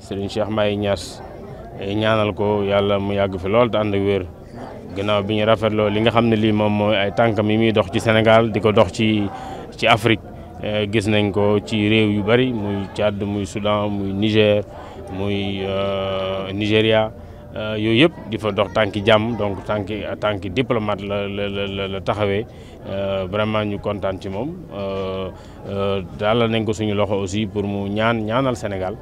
sëriñ Cheikh Maye Niass eh, ñaanal ko yàlla mu yàgg fi loolu te ànd ak wér ginnaaw bi ñu rafetloo li nga xam ne lii moom mooy ay tànkam yi muy dox ci senegal di ko dox ci ci Afrique eh, gis nañ ko ci réew yu bari muy Tchad muy sudan muy Niger muy euh, Nigéria euh, yooyu yëpp di fa dox tànki jàmm donc tànki tànki diplomate la la la taxawee euh, vraiment ñu kontaan ci moom dalal nañ ko suñu loxo aussi pour mu ñaan ñaanal Sénégal.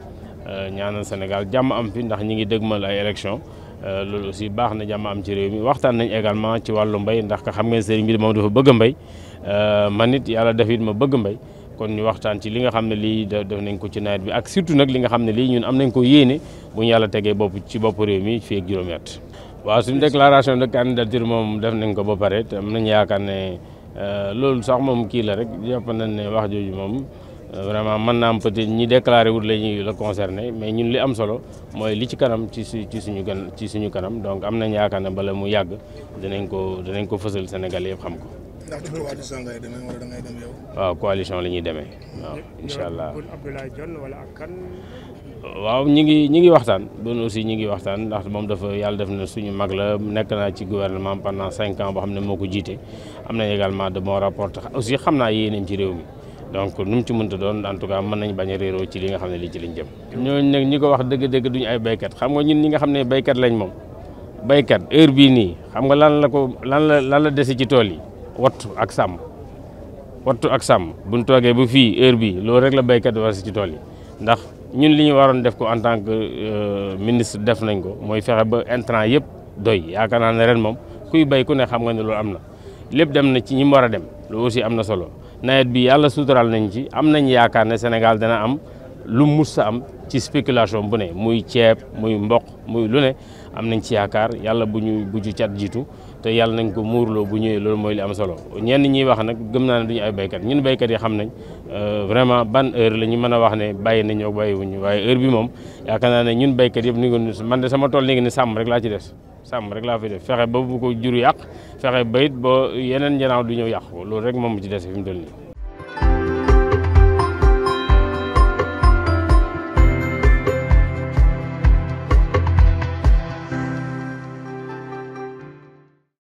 Euh, ñaanal Sénégal jàmm am fi ndax ñi ngi dëgmal ay élection euh, loolu aussi baax na jàmm am ci réew mi waxtaan nañ également ci wàllu mbay ndax ka xam ngeen sëriñ bi moom dafa bëgg mbay euh, man it yàlla def it ma bëgg mbay kon ñu waxtaan ci li nga xam ne lii def nañ ko ci nawet bi ak surtout nag li nga xam ne lii ñun am nañ ko yéene bu ñu yàlla tegee bopp ci bopp réew mi fii ak juróomi at waaw suñu déclaration de candidature moom def nañ ko ba pare te am nañ yaakaar ne loolu sax moom kii la rek jàpp nañ ne wax jooju moom vraiment mën naa am peut ñi déclaré wut la ñuy la concerné mais ñun li am solo mooy li ci kanam ci su ci suñu gan ci suñu kanam donc am nañ yaakaar ne bala mu yàgg danañ ko dinañ ko fësal Sénégal yëpp xam ko. ndax ci waaw coalition la ñuy demee waaw incha allah Abdoulaye Dione waaw ñi ngi ñi ngi waxtaan bon aussi ñi ngi waxtaan ndax moom dafa yàlla def na suñu mag la nekk naa ci gouvernement pendant cinq ans boo xam ne moo ko jiite am na également de rapport rapports aussi xam naa yéeneen ci réew mi donc nu ci mën ta doon en tout cas mën nañ bañ a réeroo ci li nga xam ne li ci liñ jëm ñooñu nag ñi ko wax dëgg-dëgg duñ ay baykat xam nga ñun ñi nga xam ne baykat lañ moom baykat heure bii nii xam nga lan la ko lan la lan la dese ci tool yi wott ak sàmm wott ak sàmm buñ toogee bu fii heure bii loolu rek la baykat war ci tool yi ndax ñun li ñu def ko en tant que euh, ministre def nañ ko mooy fexe ba intrant yëpp doy yaakaar naa ne ren moom kuy bay ku ne xam nga ne loolu am na dem na ci ñi mu war dem loolu aussi am solo nawet bi yàlla sutural nañ ci am nañ yaakaar ne Sénégal dana am lu mus sa am ci spéculation bu ne muy ceeb muy mboq muy lu ne am nañ ci yaakaar yàlla bu ñu bu ci cat jiitu te yàlla nañ ko muurloo bu ñëwee loolu mooy li am solo ñenn ñiy wax nag gëm naa ne duñu ay béykat ñun béykat yi xam nañ euh, vraiment ban heure la ñu mën a wax ne bàyyi nañoo bàyyiwuñu waaye heure bi moom yaakaar naa ne ñun béykat yëpp ni nga man de sama tool léegi ne sàmm rek laa ci des sàmm rek laa fi def fexe ba bu ko jur yàq fexe ba it ba yeneen njanaaw du ñëw yàq ko rek moom ci dese fi mu toll nii